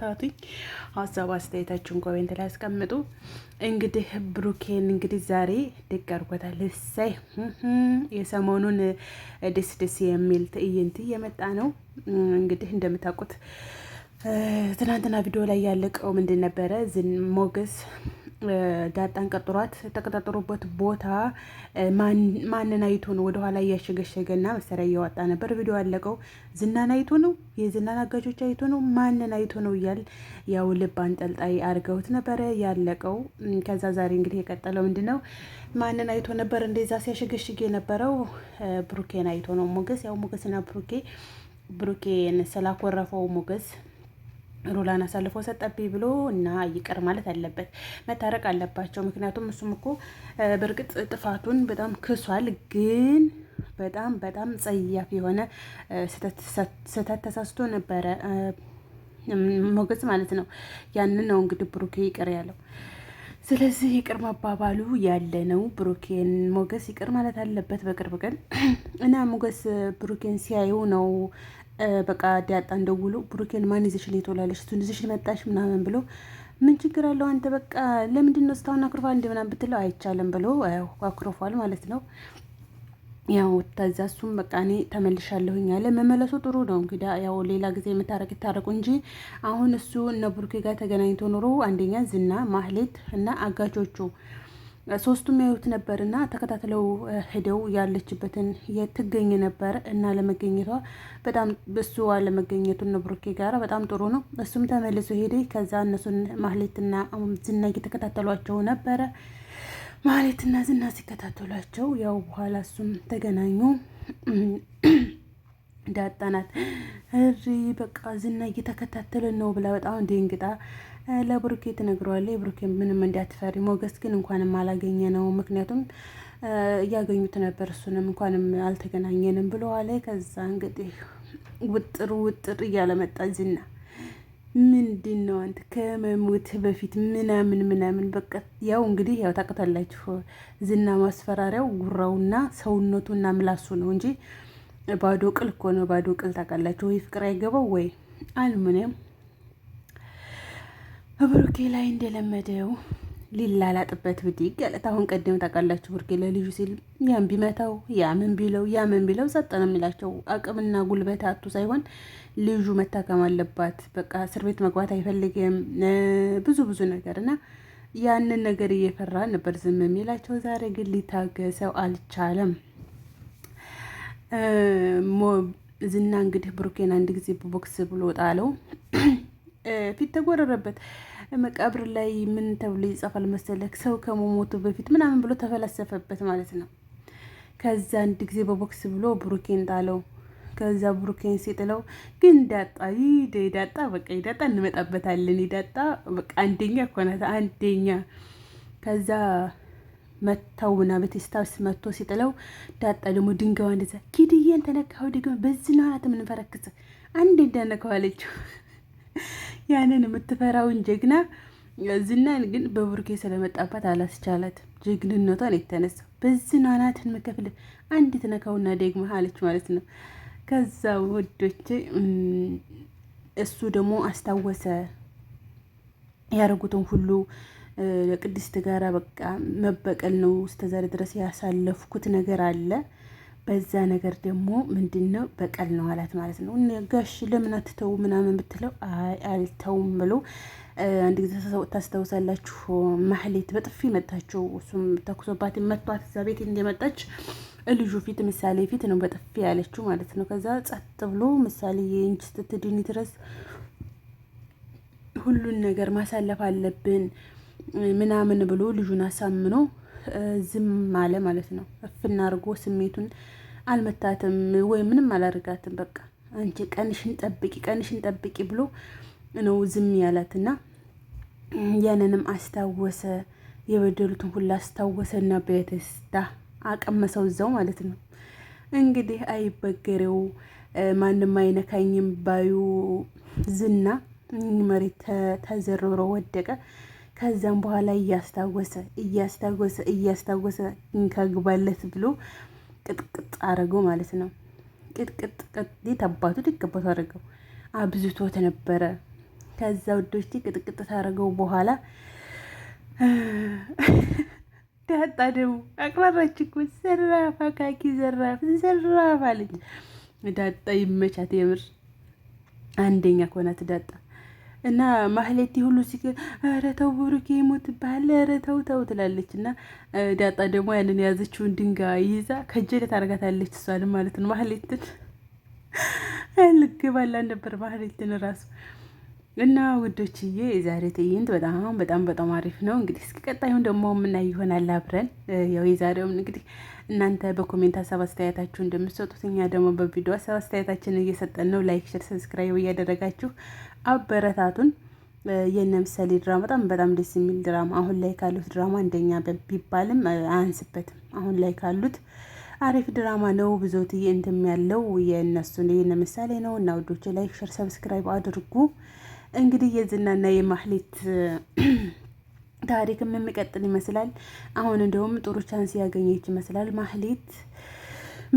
አበረታቱኝ። ሀሳብ አስተያየታችሁን ኮሜንት ላይ አስቀምጡ እንግዲህ ብሩኬን እንግዲህ ዛሬ ድቅ አድርጎታል። እሰይ የሰሞኑን ደስ ደስ የሚል ትዕይንት እየመጣ ነው። እንግዲህ እንደምታውቁት ትናንትና ቪዲዮ ላይ ያለቀው ምንድን ነበረ ሞገስ ዳጣን ቀጥሯት ተቀጣጠሩበት ቦታ ማንን አይቶ ነው ወደኋላ እያሸገሸገና መሳሪያ እያወጣ ነበር። ቪዲዮ ያለቀው ዝናን አይቶ ነው፣ የዝናን አጋጆች አይቶ ነው፣ ማንን አይቶ ነው እያል ያው ልብ አንጠልጣይ አድርገውት ነበረ ያለቀው። ከዛ ዛሬ እንግዲህ የቀጠለው ምንድን ነው? ማንን አይቶ ነበር እንደዛ ሲያሸገሽግ የነበረው? ብሩኬን አይቶ ነው ሞገስ። ያው ሞገስና ብሩኬ ብሩኬን ስላኮረፈው ሞገስ ሩላን አሳልፎ ሰጠብኝ ብሎ እና ይቅር ማለት አለበት፣ መታረቅ አለባቸው። ምክንያቱም እሱም እኮ በእርግጥ ጥፋቱን በጣም ክሷል፣ ግን በጣም በጣም ጸያፍ የሆነ ስህተት ተሳስቶ ነበረ ሞገዝ ማለት ነው። ያንን ነው እንግዲህ ብሩኬ ይቅር ያለው። ስለዚህ ይቅር መባባሉ ያለ ነው። ብሩኬን ሞገስ ይቅር ማለት አለበት በቅርብ ቀን እና ሞገስ ብሩኬን ሲያዩ ነው በቃ ዳጣን ደውሎ ብሩኬን ማን ይዘሽን የተወላለሽ እሱን ይዘሽን መጣሽ ምናምን ብሎ ምን ችግር አለው አንተ በቃ ለምንድን ነው እስካሁን አክርፏል እንደ ምናምን ብትለው አይቻልም ብሎ አክርፏል ማለት ነው። ያው ተዛ እሱም በቃ እኔ ተመልሻለሁኝ አለ። መመለሱ ጥሩ ነው እንግዲ ያው ሌላ ጊዜ የምታረቅ ይታረቁ እንጂ አሁን እሱ እነ ብሩኬ ጋር ተገናኝቶ ኑሮ አንደኛ ዝና ማህሌት እና አጋቾቹ ሶስቱም ያዩት ነበር እና ተከታትለው ሄደው ያለችበትን የትገኝ ነበር እና ለመገኘቷ በጣም እሱ ነው ብሩኬ ጋር በጣም ጥሩ ነው። እሱም ተመልሶ ሄደ። ከዛ እነሱን ማህሌትና ዝና እየተከታተሏቸው ነበረ። ማህሌትና ዝና ሲከታተሏቸው ያው በኋላ እሱም ተገናኙ። ዳጣናት እሪ በቃ ዝና እየተከታተለን ነው ብላ በጣም ደንግጣ ለብሩኬ ትነግረዋለች። ብሩኬ ምንም እንዳትፈሪ፣ ሞገስ ግን እንኳንም አላገኘ ነው ምክንያቱም እያገኙት ነበር እሱንም እንኳንም አልተገናኘንም ብለዋለ። ከዛ እንግዲህ ውጥር ውጥር እያለ መጣ ዝና። ምንድን ነው አንተ ከመሞትህ በፊት ምናምን ምናምን በቃ ያው እንግዲህ ያው ታውቃላችሁ ዝና ማስፈራሪያው ጉራውና ሰውነቱና ምላሱ ነው እንጂ ባዶ ቅል እኮ ነው። ባዶ ቅል ታውቃላችሁ ወይ? ፍቅር አይገባው ወይ? አልሙኒየም ብሩኬ ላይ እንደለመደው ሊላላጥበት ብድግ ያለት። አሁን ቀደም ታውቃላችሁ ብሩኬ ለልጁ ሲል ያም ቢመታው ያምን ቢለው ያምን ቢለው ጸጥ ነው የሚላቸው። አቅምና ጉልበት አቱ ሳይሆን ልጁ መታከም አለባት። በቃ እስር ቤት መግባት አይፈልግም። ብዙ ብዙ ነገር እና ያንን ነገር እየፈራ ነበር ዝም የሚላቸው። ዛሬ ግን ሊታገሰው አልቻለም። ዝና እንግዲህ ብሩኬን አንድ ጊዜ በቦክስ ብሎ ጣለው። ፊት ተጎረረበት። መቃብር ላይ ምን ተብሎ ይጻፋል መሰለክ? ሰው ከመሞቱ በፊት ምናምን ብሎ ተፈላሰፈበት ማለት ነው። ከዛ አንድ ጊዜ በቦክስ ብሎ ብሩኬን ጣለው። ከዛ ብሩኬን ሲጥለው ግን ዳጣ ይደ ዳጣ በቃ ዳጣ እንመጣበታለን። ዳጣ በቃ አንደኛ እኮ ናት አንደኛ ከዛ መተው ና በቴስታስ መቶ ሲጥለው ዳጣ ደግሞ ድንጋዋ እንደዛ ኪድዬን ተነካው ድጋሚ በዚህ ነው አላት የምንፈረክስ አንድ እንደነካው አለችው። ያንን የምትፈራውን ጀግና ዝናን ግን በቡርኬ ስለመጣባት አላስቻላት። ጀግንነቷን የተነሳ በዚህ ነው አናትን መከፍል አንድ ትነካውና ደግማ አለች ማለት ነው። ከዛ ወዶቼ እሱ ደግሞ አስታወሰ ያደረጉትን ሁሉ ቅድስት ጋራ በቃ መበቀል ነው እስከዛሬ ድረስ ያሳለፍኩት ነገር አለ። በዛ ነገር ደግሞ ምንድን ነው በቀል ነው አላት ማለት ነው። ጋሽ ለምን አትተው ምናምን ብትለው አይ አልተውም ብሎ አንድ ጊዜ ታስታውሳላችሁ፣ ማህሌት በጥፊ መታቸው። እሱም ተኩሶባት መቷት። እዛ ቤት እንደመጣች ልጁ ፊት ምሳሌ ፊት ነው በጥፊ ያለችው ማለት ነው። ከዛ ጸጥ ብሎ ምሳሌ የእንጂ ድረስ ሁሉን ነገር ማሳለፍ አለብን ምናምን ብሎ ልጁን አሳምኖ ዝም አለ ማለት ነው። እፍና አድርጎ ስሜቱን አልመታትም ወይ ምንም አላደርጋትም። በቃ አንቺ ቀንሽን ጠብቂ፣ ቀንሽን ጠብቂ ብሎ ነው ዝም ያላት እና ያንንም አስታወሰ። የበደሉትን ሁላ አስታወሰ እና በደስታ አቀመሰው እዛው ማለት ነው። እንግዲህ አይበገሬው ማንም አይነካኝም ባዩ ዝና መሬት ተዘርሮ ወደቀ። ከዛም በኋላ እያስታወሰ እያስታወሰ እያስታወሰ እንከግባለት ብሎ ቅጥቅጥ አረገው ማለት ነው። ቅጥቅጥ ቅጤት አባቱ ድቅበቱ አረገው አብዝቶት ነበረ። ከዛ ውዶች ቅጥቅጥ ታረገው በኋላ ዳጣ ደግሞ አቅራራች እኮ ዘራፍ አካኪ ዘራፍ ዘራፍ አለች። ዳጣ ይመቻት የምር አንደኛ ከሆናት ዳጣ እና ማህሌቴ ሁሉ ሲገ ኧረ ተው ብሩኬ ባለ ኧረ ተው ተው ትላለች። እና ዳጣ ደግሞ ያንን የያዘችውን ድንጋይ ይዛ ከጀለ ታደርጋታለች። እሷንም ማለት ነው ማህሌትን ልግባላ ነበር ማህሌትን ራሱ እና ውዶችዬ የዛሬ ትዕይንት በጣም በጣም በጣም አሪፍ ነው። እንግዲህ እስኪ ቀጣዩን ደግሞ የምናይ ይሆናል አብረን። ያው የዛሬውም እንግዲህ እናንተ በኮሜንት ሀሳብ አስተያየታችሁ እንደምትሰጡት እኛ ደግሞ በቪዲዮ ሀሳብ አስተያየታችን እየሰጠን ነው። ላይክ፣ ሸር፣ ሰብስክራይብ እያደረጋችሁ አበረታቱን። የእነ ምሳሌ ድራማ በጣም በጣም ደስ የሚል ድራማ፣ አሁን ላይ ካሉት ድራማ እንደኛ ቢባልም አያንስበትም። አሁን ላይ ካሉት አሪፍ ድራማ ነው። ብዙት እንትም ያለው የእነሱን የእነ ምሳሌ ነው። እና ውዶች ላይክ፣ ሸር፣ ሰብስክራይብ አድርጉ። እንግዲህ የዝናና የማህሌት ታሪክም የሚቀጥል ይመስላል። አሁን እንደውም ጥሩ ቻንስ ያገኘች ይመስላል ማህሌት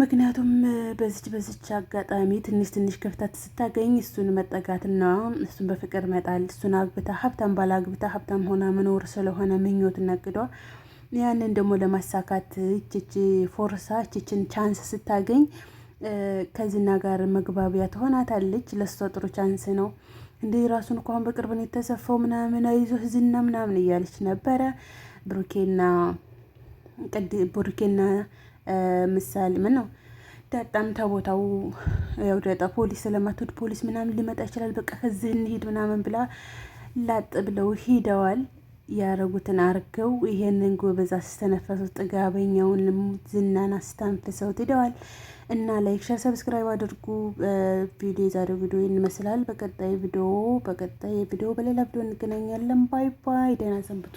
ምክንያቱም በዚች በዚች አጋጣሚ ትንሽ ትንሽ ክፍተት ስታገኝ እሱን መጠጋትና እሱን በፍቅር መጣል እሱን አግብታ ሀብታም ባላ አግብታ ሀብታም ሆና መኖር ስለሆነ ምኞት ነግዷ ያንን ደግሞ ለማሳካት እችች ፎርሳ እችችን ቻንስ ስታገኝ ከዚና ጋር መግባቢያ ትሆናታለች። ለእሷ ጥሩ ቻንስ ነው። እንዲህ ራሱን እኮ አሁን በቅርብ ነው የተሰፋው ምናምን አይዞ ህዝና ምናምን እያለች ነበረ ብሩኬና ቅድ ብሩኬና ምሳሌ ምን ነው ዳጣም ተቦታው ያው ዳጣ ፖሊስ ስለማትወድ ፖሊስ ምናምን ሊመጣ ይችላል፣ በቃ ከዚህ እንሂድ ምናምን ብላ ላጥ ብለው ሂደዋል። ያረጉትን አርገው ይሄንን ጎበዝ አስተነፈሰው ጥጋበኛውን ልሙት ዝናን አስተንፍሰው ሂደዋል። እና ላይክ፣ ሸር፣ ሰብስክራይብ አድርጉ። ቪዲዮ የዛሬው ቪዲዮ ይመስላል። በቀጣይ ቪዲዮ በቀጣይ ቪዲዮ በሌላ ቪዲዮ እንገናኛለን። ባይ ባይ። ደህና ሰንብቱ።